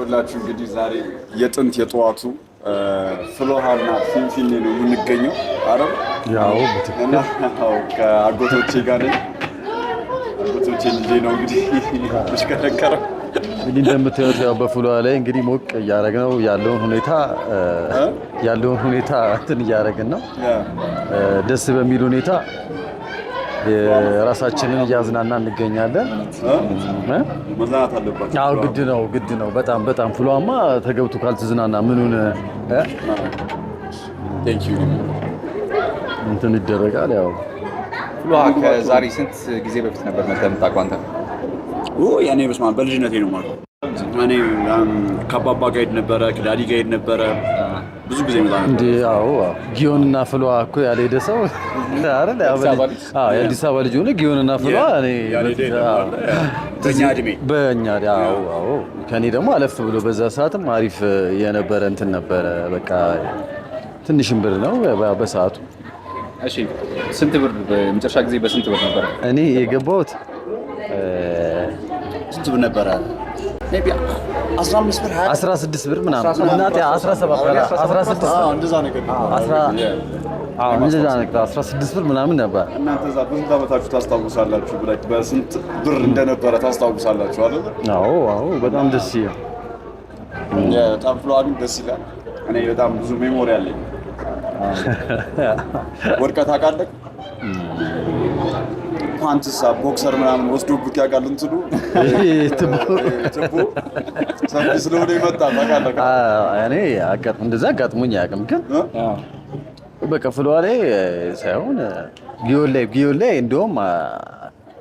ሁላችሁ እንግዲህ ዛሬ የጥንት የጠዋቱ ፍሎሃና ፊንፊኔ ነው የምንገኘው። አረብ ያው ከአጎቶቼ ጋር አጎቶቼ ልጄ ነው እንግዲህ እንግዲህ እንደምታዩት ያው ላይ እንግዲህ ሞቅ እያደረግ ነው ያለውን ሁኔታ ያለውን ሁኔታ እንትን እያደረግን ነው ደስ በሚል ሁኔታ ራሳችንን እያዝናና እንገኛለን። አዎ ግድ ነው ግድ ነው። በጣም በጣም ፍሏማ ተገብቶ ካልትዝናና ምኑን እንትን ይደረጋል። ያው ፍሏ ከዛሬ ስንት ጊዜ በፊት ነበር መተህ የምታውቀው አንተ? ያኔ በስመ አብ በልጅነቴ ነው ማለት እኔ ከአባባ ጋር ሄድ ነበረ፣ ከዳዲ ጋር ሄድ ነበረ ብዙ ጊዜ ጊዮንና ፍሏ እኮ ያልሄደ ሰው አይደል? የአዲስ አበባ ልጅ ሆነ ጊዮንና ፍሏ በእኛ ከኔ ደግሞ አለፍ ብሎ በዛ ሰዓትም አሪፍ የነበረ እንትን ነበረ። በቃ ትንሽም ብር ነው በሰዓቱ። እሺ ስንት ብር መጨረሻ ጊዜ በስንት ብር ነበረ እኔ የገባሁት? ስንት ብር ነበረ? 16 ብር ምናምን እናቴ 16 ብር ምናምን ነበር። እናንተ እዛ ብዙ ዓመታችሁ ታስታውሳላችሁ? በስንት ብር እንደነበረ ታስታውሳላችሁ አይደል? አዎ አዎ፣ በጣም ደስ ይላል። በጣም ፍላዋሚ ደስ ይላል። እኔ በጣም ብዙ ሜሞሪ አለኝ። ወድቀህ ታውቃለህ? ፓንትስ ቦክሰር ምናምን ወስዶብክ ያውቃል እንትኑ ችቦ ሰፊ ስለሆነ ይመጣል ታውቃለህ። እኔ እንደዚያ አጋጥሞኝ አያውቅም፣ ግን በቃ ፍልዋ ላይ ሳይሆን ጊዮን ላይ ጊዮን ላይ እንደውም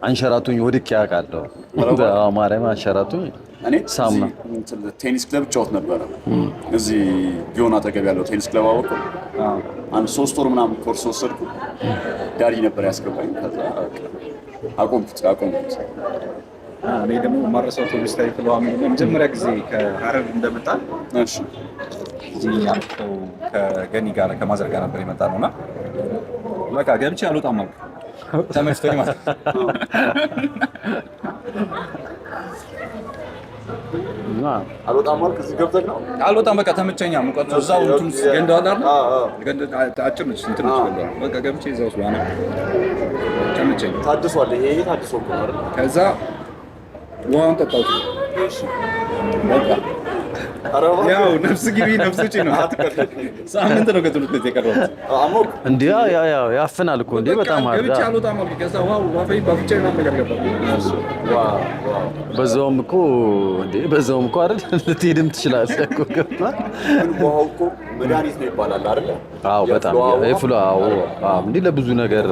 አንሸራቱኝ ወድቄ አውቃለሁ። ማርያም አንሸራቱኝ ሳምና ቴኒስ ክለብ እጫወት ነበረ እዚህ ጊዮን አጠገብ ያለው ቴኒስ ክለብ አወቁ። አንድ ሶስት ወር ምናምን ኮርስ ወሰድኩ። ዳዲ ነበር ያስገባኝ ከዛ አቆምኩት አቆምኩት። እኔ ደግሞ ማረሳው ቶቢስ ታሪክ በኋላ የመጀመሪያ ጊዜ ከሀረር እንደመጣ እዚህ ያልከው ከገኒ ጋር ከማዘር ጋር ነበር የመጣ ነው በቃ ገብቼ አልወጣም አልኩ ተመችቶኝ ማለት አልወጣም አልክ። እዚህ ገብተህ ነው አልወጣም በቃ ተመቸኛ። ሙቀቱ እዛው እንትን ገንዳ አለ አይደል? ገንዳ አጭር ነች እንትን ነች። በቃ ገብቼ እዛው ስለሆነ አይመቸኝም። ታድሷል፣ ይሄ ታድሶ። ከዛ ውሃውን ጠጣሁት በቃ ያው ነፍስ ግቢ ነፍስ ውጪ ነው። ሳምንት ነው ከትምህርት ቤት የቀረሁት። እንዲ ያፍናል እኮ እንዲ በጣም በዛውም እኮ እንዲ በዛውም እኮ አይደል ልትሄድም ትችላለህ እኮ መድኃኒት ነው ይባላል አይደል? አዎ በጣም የፍሉ ለብዙ ነገር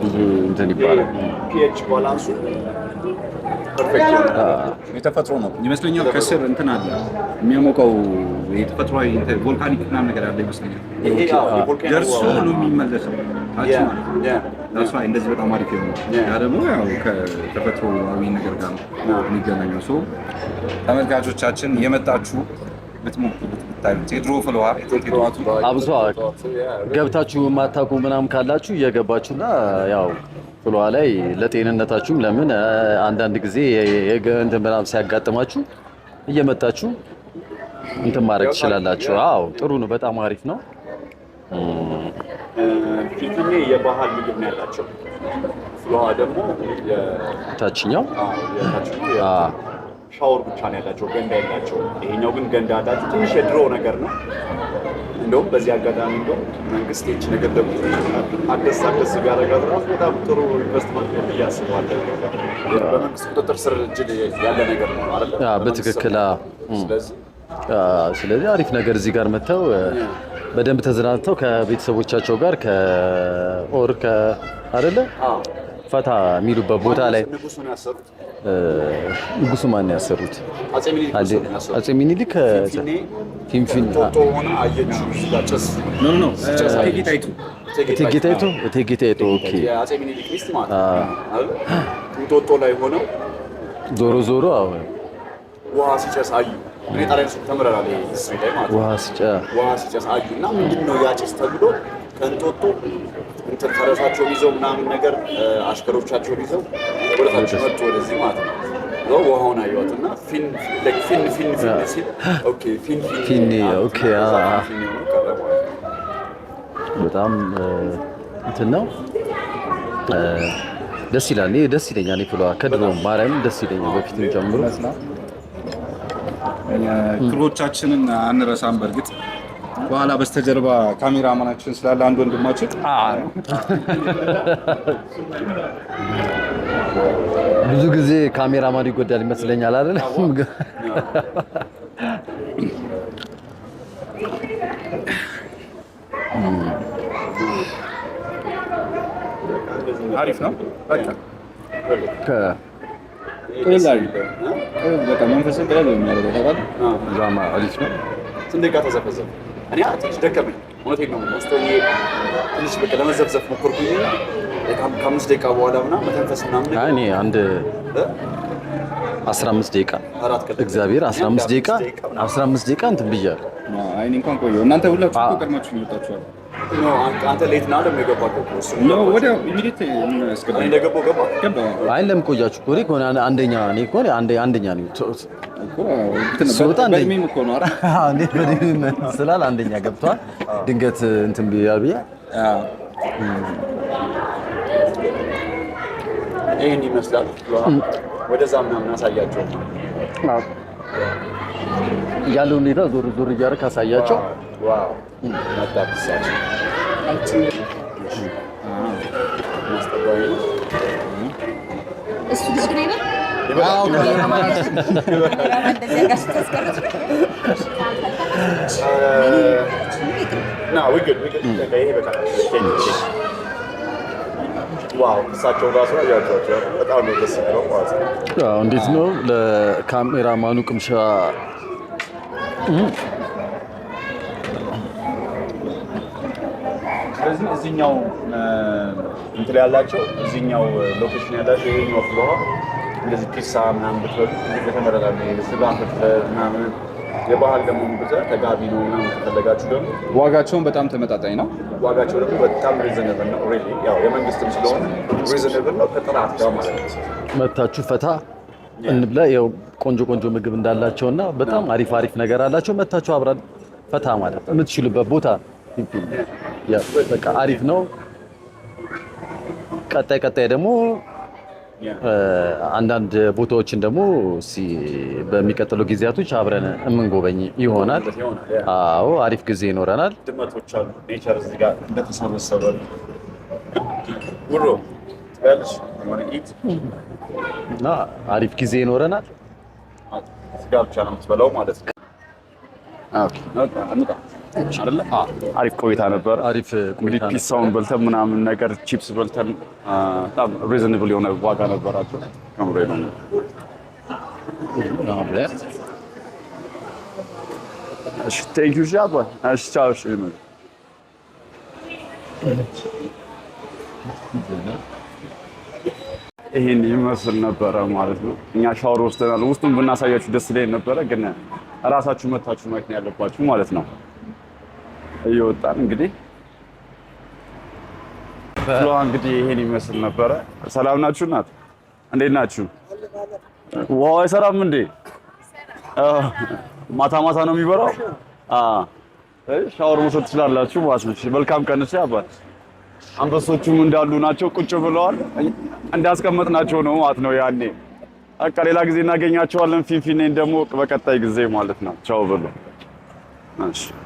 ብዙ እንትን ይባላል። የተፈጥሮ ነው ይመስለኛል። ከስር እንትን አለ የሚያሞቀው የተፈጥሮ ቮልካኒክ ምናምን ነገር አለ ይመስለኛል። ደርሶ ነው የሚመለሰው ታች ማለት እንደዚህ በጣም አሪፍ የሆነ ያ ደግሞ ያው ከተፈጥሮዊ ነገር ጋር የሚገናኘው። ሰው ተመልካቾቻችን የመጣችሁ ብትሞክሩት ብታዩት ገብታችሁ የማታውቁ ምናምን ካላችሁ እየገባችሁና ያው ፍለዋ ላይ ለጤንነታችሁም ለምን አንዳንድ ጊዜ እንትን ምናምን ሲያጋጥማችሁ እየመጣችሁ እንትን ማድረግ ትችላላችሁ። አዎ ጥሩ ነው። በጣም አሪፍ ነው። ፊትኔ የባህል ምግብ ነው ያላቸው። ፍሎሃ ደግሞ ታችኛው ሻወር ብቻ ነው ያላቸው፣ ገንዳ የላቸው። ይሄኛው ግን ገንዳ አላቸው። ትንሽ የድሮ ነገር ነው። እንደውም በዚህ አጋጣሚ እንደው መንግስት ች ነገር ደግሞ አደስ አደስ ቢያደርጋት ራሱ በጣም ጥሩ ኢንቨስትመንት ነው ብዬ አስባለሁ። በመንግስት ቁጥጥር ስር እጅል ያለ ነገር ነው አይደል? በትክክል ስለዚህ አሪፍ ነገር እዚህ ጋር መጥተው በደንብ ተዝናንተው ከቤተሰቦቻቸው ጋር ከኦር ከአደለ ፈታ የሚሉበት ቦታ ላይ ንጉሱ ማን ያሰሩት? አጼ ሚኒሊክ ፊንፊን እንጦጦ ላይ ሆነው ዞሮ ዞሮ ውሃ ሲጨስ አዩ። እኔ ጣሊያን ስል ተምረናል። ውሃ ሲጨስ አዩ እና ምንድን ነው ያጭስ ተብሎ ከእንጦጦ እንትን ፈረሳቸውን ይዘው ምናምን ነገር አሽከሮቻቸውን ይዘው ወደታቸው መጡ ወደዚህ ማለት ነው። ውሃውን አየዋት እና ፊን ፊን ፊን ሲል ፊን ፊን ኦኬ በጣም እንትን ነው። ደስ ይላል። እኔ ደስ ይለኛል። ፍሏ ከድሮ ማርያም ደስ ይለኛል። በፊትም ጀምሮ ክሮቻችንን አንረሳም በእርግጥ በኋላ በስተጀርባ ካሜራ ማናችን ስላለ አንድ ወንድማችን ብዙ ጊዜ ካሜራ ማን ይጎዳል ይመስለኛል፣ አይደል? አሪፍ ነው። በቃ መንፈስን ቅለል ዛማ አሪፍ ነው። ስንዴ ጋር እኔ ትንሽ ደከመኝ። እውነቴን ነው ውስጥ ትንሽ በቃ ለመዘፍዘፍ ሞከርኩኝ። ከአምስት ደቂቃ በኋላ ምና መተንፈስ ምናምን እኔ አንድ አስራ አምስት ደቂቃ እግዚአብሔር አስራ አምስት ደቂቃ አስራ አምስት ደቂቃ እንትን ብያለሁ። አይ እኔ እንኳን ቆየሁ። እናንተ ሁላችሁ ቀድማችሁ ይወጣችኋል አንተ ሌት ና ደግሞ ለምን ቆያችሁ? አንደኛ አንደኛ ስላል አንደኛ ገብቷል። ድንገት እንትን ብያል ብዬ ይህን ይመስላል። ወደዛ ምናምን አሳያቸው ያለው ሁኔታ ዞር ዞር እያደረክ አሳያቸው። እሳቸው ራሱ ያቸው በጣም ነው ደስ የሚለው ማለት ነው። እንዴት ነው ለካሜራማኑ ቅምሻ ስለዚህ እዚኛው እንትን ያላቸው እዚኛው ሎኬሽን ያላቸው ይሄኛው ፍሎሆ እንደዚህ ፒሳ ምናምን ብትበሉ የተመረጠ ስጋ ፍርፍር ምናምን የባህል ደግሞ ብዘ ተጋቢ ነው ምናምን ከፈለጋችሁ ደግሞ ዋጋቸውን በጣም ተመጣጣኝ ነው። ዋጋቸው ደግሞ በጣም ሪዝንብል ነው። ኦልሬዲ ያው የመንግስትም ስለሆነ ሪዝንብል ነው። ከጥራት ጋር ማለት ነው። መታችሁ ፈታ እንብላ። ያው ቆንጆ ቆንጆ ምግብ እንዳላቸውና በጣም አሪፍ አሪፍ ነገር አላቸው። መታቸው አብራን ፈታ ማለት የምትችሉበት ቦታ ነው። በቃ አሪፍ ነው። ቀጣይ ቀጣይ ደግሞ አንዳንድ ቦታዎችን ደግሞ በሚቀጥሉ ጊዜያቶች አብረን የምንጎበኝ ይሆናል። አዎ አሪፍ ጊዜ ይኖረናል። አሪፍ ጊዜ ይኖረናል። ስጋ ብቻ ነው የምትበላው ማለት ነው። አይደለ? አሪፍ ቆይታ ነበር። አሪፍ እንግዲህ ፒሳውን በልተን ምናምን ነገር ቺፕስ በልተን በጣም ሪዝንብል የሆነ ዋጋ ነበራቸው። ከምሬ ነው። ይህን ይመስል ነበረ ማለት ነው። እኛ ሻወር ወስደናል። ውስጡን ብናሳያችሁ ደስ ላይ ነበረ፣ ግን እራሳችሁ መታችሁ ማየት ነው ያለባችሁ ማለት ነው። እየወጣን እንግዲህ ፍሎዋ እንግዲህ ይሄን ይመስል ነበረ። ሰላም ናችሁ? እናት እንዴት ናችሁ? ውሃው አይሰራም እንዴ? ማታ ማታ ነው የሚበራው። ሻወር መውሰድ ትችላላችሁ ማለት ነው። መልካም ቀን። አባት አንበሶቹም እንዳሉ ናቸው፣ ቁጭ ብለዋል። እንዳስቀመጥናቸው ነው ማለት ነው። ያኔ በቃ ሌላ ጊዜ እናገኛቸዋለን። ፊንፊኔን ደግሞ በቀጣይ ጊዜ ማለት ነው። ቻው ብሎ እሺ